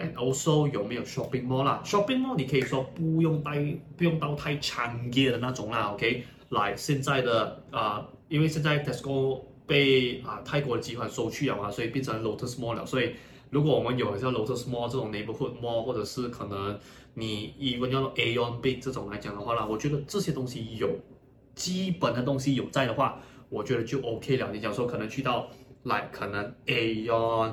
And also 有沒有 shopping mall 啦？shopping mall 你可以說不用帶，不用到太強烈的那種啦。OK，like 現在的啊、呃，因為現在 Tesco 被啊、呃、泰國的集團收去啊嘛，所以變成 lotus mall 了。所以，如果我們有像 lotus mall 這種 neighborhood mall，或者是可能你 even 要 Aeon B 這種來講的話啦，我覺得這些東西有基本的東西有在的話，我覺得就 OK 了。你講說可能去到 like 可能 Aeon